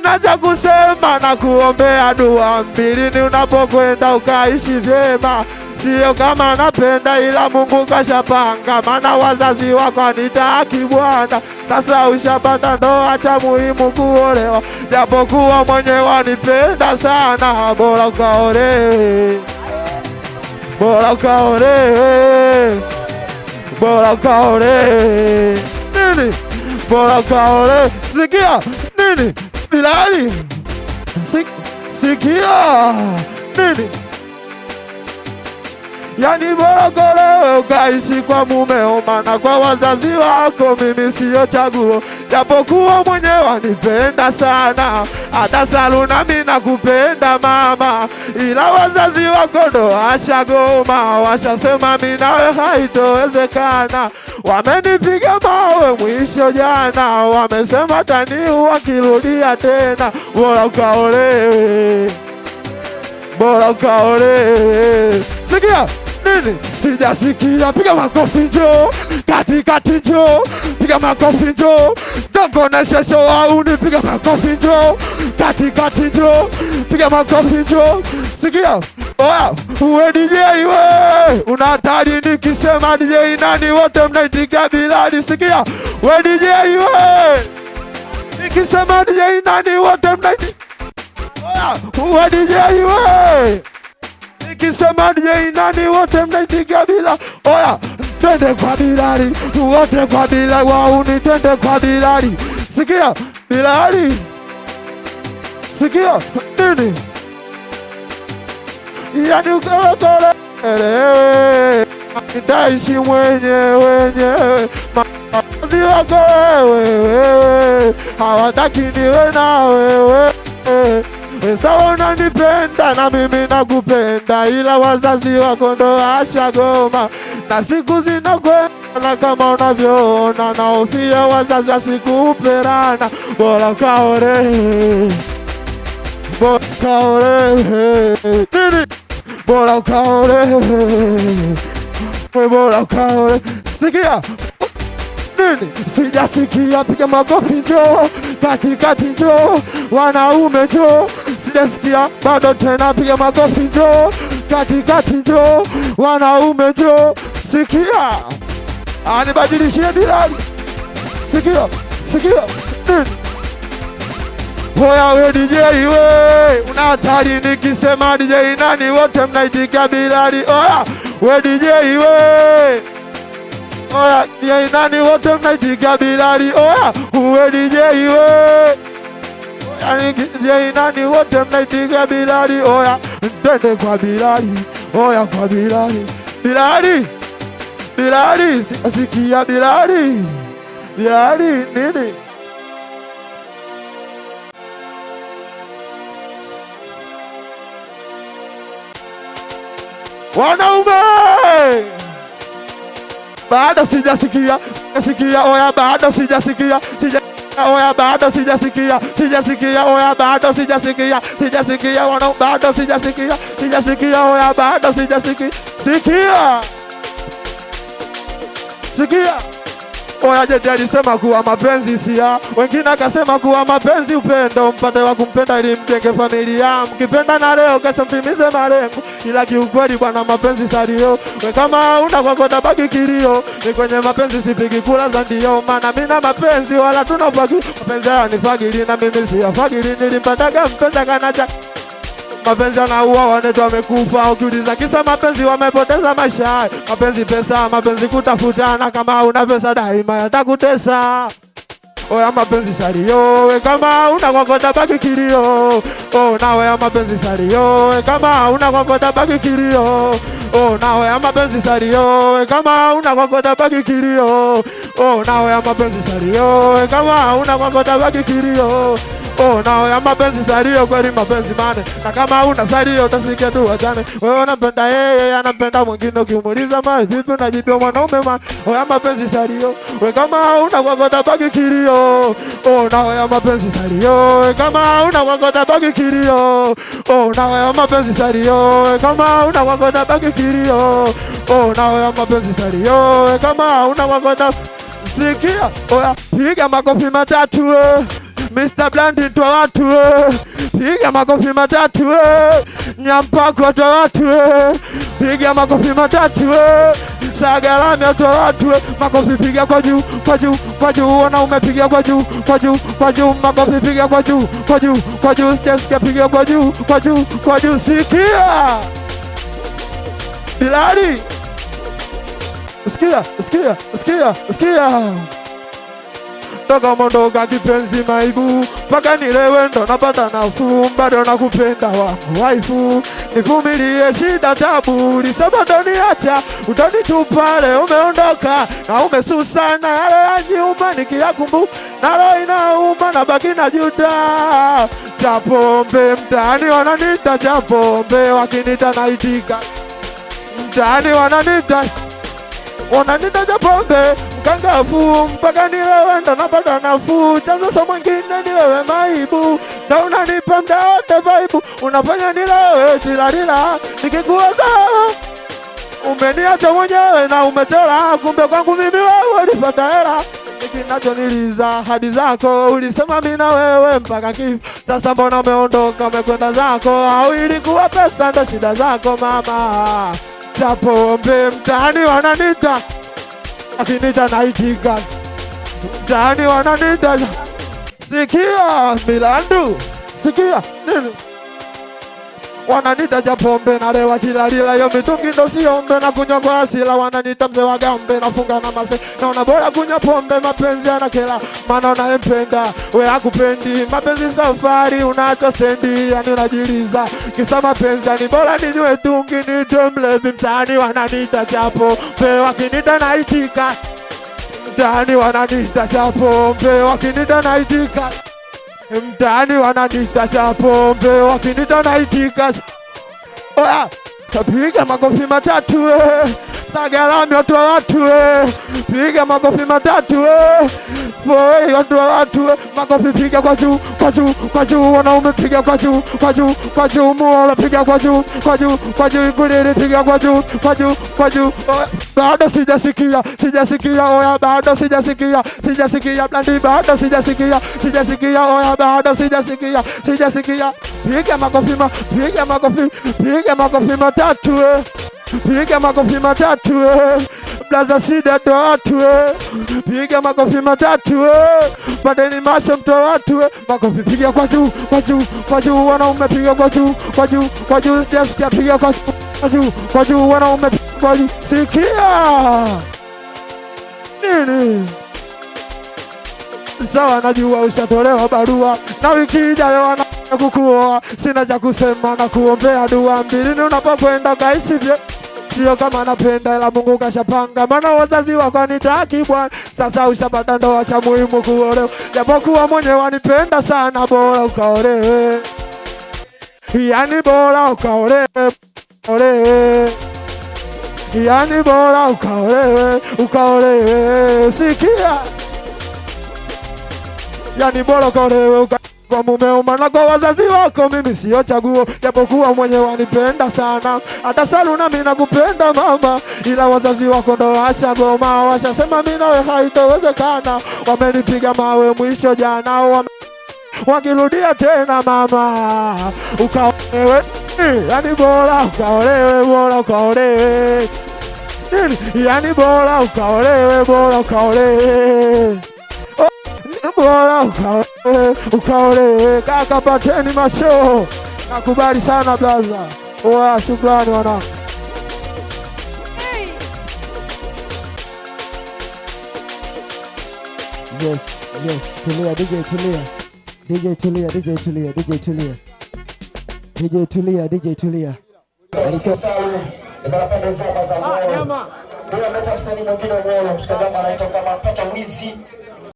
sina cha kusema na kuombea dua ni unapokwenda ukaishi vyema. Sio kama napenda ila Mungu kashapanga, maana wazazi wako nitaki Bwana. Sasa ushapata ndoa, cha muhimu kuolewa, japokuwa mwenye wanipenda sana, bora ukaolewe, bora ukaolewe, bora ukaolewe nini, bora ukaolewe sikia nini Bilali, Sik, sikia nini? Yani bora gole ukaisi kwa mumeo, maana kwa wazazi wako mimi siyo chaguo japokuwa mwenye wanipenda sana, hata Saluna mimi nakupenda mama, ila wazazi wako ndo washagoma, washasema mimi nawe haitowezekana. Wamenipiga mawe mwisho jana, wamesema taniua kirudia tena, bora ukaolewe, bora ukaolewe. Sikia nini? Sijasikia, piga makofi njoo, katikati njoo, piga makofi njoo, dongoneshesho wauni, piga makofi njoo, katikati njo piga makofi njoo, sikia Oya, uwe DJ we, una hatari nikisema DJ nani, wote mnaitikia Bilali. Sikia we DJ we, nikisema DJ nani, wote mnaitikia. uwe DJ we nikisema DJ nani wote mnaipiga bila oya, twende kwa Bilali wote kwa bila wauni, twende kwa Bilali. Sikia Bilali, sikia nini yani ukolokole elewe nitaishi mwenyewe nyewe mazi wako wewe hawataki niwe na wewe Sawa, unanipenda na mimi nakupenda, ila wazazi wako ndo ashagoma na siku zinakwenda kama unavyoona, naofia wazazi asikuperana, bora kaore bora nini bora we bora kaore, Sikia nini, sijasikia, piga makofi, njoo katikati, njoo wanaume, njoo sijasikia ah, bado tena, piga makofi, njoo katikati, njoo wanaume, njoo sikia, anibadilishie dilali, sikia, sikia Hoya we DJ we, una hatari nikisema DJ nani wote mnaitika Bilali. Oya we DJ we, oya DJ nani wote mnaitika Bilali. Oya we DJ we nani wote mnaitiga Bilali, oya mtende kwa Bilali, oya kwa Bilali, Bilali, Bilali, sikia Bilali, Bilali nini Wanaume, baada sijasikia, sijasikia, oya, baada sijasikia, sija oya bado sijasikia, sijasikia oya bado sijasikia, sijasikia wana bado sijasikia, sijasikia oya bado sijasikia, sikia sikia Oya Jedi alisema kuwa mapenzi sia, wengine akasema kuwa mapenzi upendo, mpate wa kumpenda ili mjenge familia, mkipenda na leo kesho mtimize malengo, ila kiukweli bwana mapenzi salio, we kama una kwako tabaki kilio, ni kwenye mapenzi sipigi kula za ndio, maana mina mapenzi wala tunapaki mapenzi haya ni fagili na mimi fagili nilimpataga mpenza kanacha mapenzi anaua wanetu wamekufa, ukiuliza kisa mapenzi wamepoteza maisha. Mapenzi pesa, mapenzi kutafutana, kama una pesa daima yatakutesa. Oya mapenzi salio, we kama una kokota baki kilio. Oh na oya mapenzi salio, we kama una kokota baki kilio. Oh na oya mapenzi salio, we kama una kokota baki kilio. Oh na oya mapenzi salio, we kama una kokota baki kilio oh, na ya mapenzi salio kweli mapenzi mane, na kama una salio utasikia tu wajane. Wewe unampenda yeye, anapenda mwingine, ukimuuliza mali vipi unajipia mwanaume mane, oh ya mapenzi salio. Wewe kama una huna kwako tabaki kilio, oh na ya mapenzi salio. Wewe kama una huna kwako tabaki kilio, oh na ya mapenzi salio. Wewe kama una huna kwako tabaki kilio, oh na ya mapenzi salio. Wewe kama una huna kwako sikia, oya oh, piga makofi matatu. Mr. Blandi twa watu, piga makofi matatu, nyampakwa twa watu, piga makofi matatu, Sagalame twa watu, makofi piga kwa juu, kwa juu, kwa juu, uona umepiga kwa juu, kwa juu, kwa juu, makofi piga kwa juu, kwa juu, kwa juu, Jessica piga kwa juu, kwa juu, kwa juu, sikia Bilali, sikia, sikia, sikia, sikia toka mondoka kipenzi maibu mpaka nilewe ndo napata nafuu, bado nakupenda wangu waifu, nivumilie shida tabu, ulisema acha utanitupa, leo umeondoka na umesusa na yale yaniuma, nikiyakumbu nalo inauma na baki na juta. Chapombe mtaani wananita Chapombe, wakinita naitika mtaani wananita unanita japombe mkangafu mpaka niwewe ndo napata nafuu chanzo so mwingine wewe maibu na unanipa mdaote vaibu unafanya nilewe silalila nikikuweza umeniacha mwenyewe na umetera kumbe kwangu mimi wewe ulipata hela kinachoniliza hadi zako ulisema mina wewe mpaka kifo. Sasa mbona umeondoka umekwenda zako? Au ilikuwa pesa ndo shida zako mama? Japo bim Dani wana nita Akinita na ikigan Dani wana nita Sikia Milandu Sikia Nini wananita cha pombe na lewa kila lila, yo mitungi ndo siombe na kunywa kwa asila, wananita mzee wa gambe na funga na mase, naona bora kunywa pombe, mapenzi yanakela, maana unayempenda we akupendi mapenzi safari, unaacha sendi, yani unajiliza kisa mapenzi, ni bora ninywe tungi nitwe mlevi, mtaani wananita japo pombe, wakinita naitika, mtaani wananita japo pombe, wakinita naitika mtaani wananitata pombe, wakinita naitika. Oya, tapiga makofi matatu. Eh. Sagalami watu wa watu we, piga makofi matatu we, foi watu wa watu we, makofi piga kwa juu kwa juu kwa juu, wanaume piga kwa juu kwa juu kwa juu, muola piga kwa juu kwa juu kwa juu, igulili piga kwa juu kwa juu kwa juu. Bado sijasikia sijasikia, oya bado sijasikia sijasikia, blandi bado sijasikia sijasikia, oya bado sijasikia sijasikia, piga makofi ma piga makofi piga makofi matatu we piga makofi matatu eh. blaza sida to watu eh. piga makofi matatu eh. pateni masho mto watu makofi piga kwa juu kwa juu kwa juu wanaume piga kwa juu kwa juu kwa juu Jessica piga kwa juu kwa juu wanaume kwa juu sikia nini sawa, najua ushatolewa barua na wiki ijayo wana kukuoa. Sina cha kusema na kuombea dua mbili, unapokwenda kaisivye sio kama napenda, ila Mungu kashapanga, maana wazazi wakanitaki bwana. Sasa ushapata ndoa, cha muhimu kuolewa, japokuwa mwenye wanipenda sana, bora ukaolewe, yani bora ukaolewe, olewe yani bora ukaolewe, ukaolewe, sikia, yani bora ukaolewe uka kwa mumeuma na kwa wazazi wako, mimi siyo chaguo, japokuwa mwenye wanipenda sana. Hata Saluna mimi nakupenda mama, ila wazazi wako ndo washagoma, washasema mimi nawe haitowezekana. Wamenipiga mawe mwisho jana, wame... wakirudia tena mama, ukaolewe yani bora ukaolewe, bora ukaolewe, yani bora ukaolewe, bora ukaolewe wala ukaolewe. Kaka pateni macho, nakubali sana blaza. Wa shukrani wana Yes, yes, tulia DJ, tulia DJ, tulia DJ, tulia DJ, tulia DJ, tulia DJ, tulia pande saba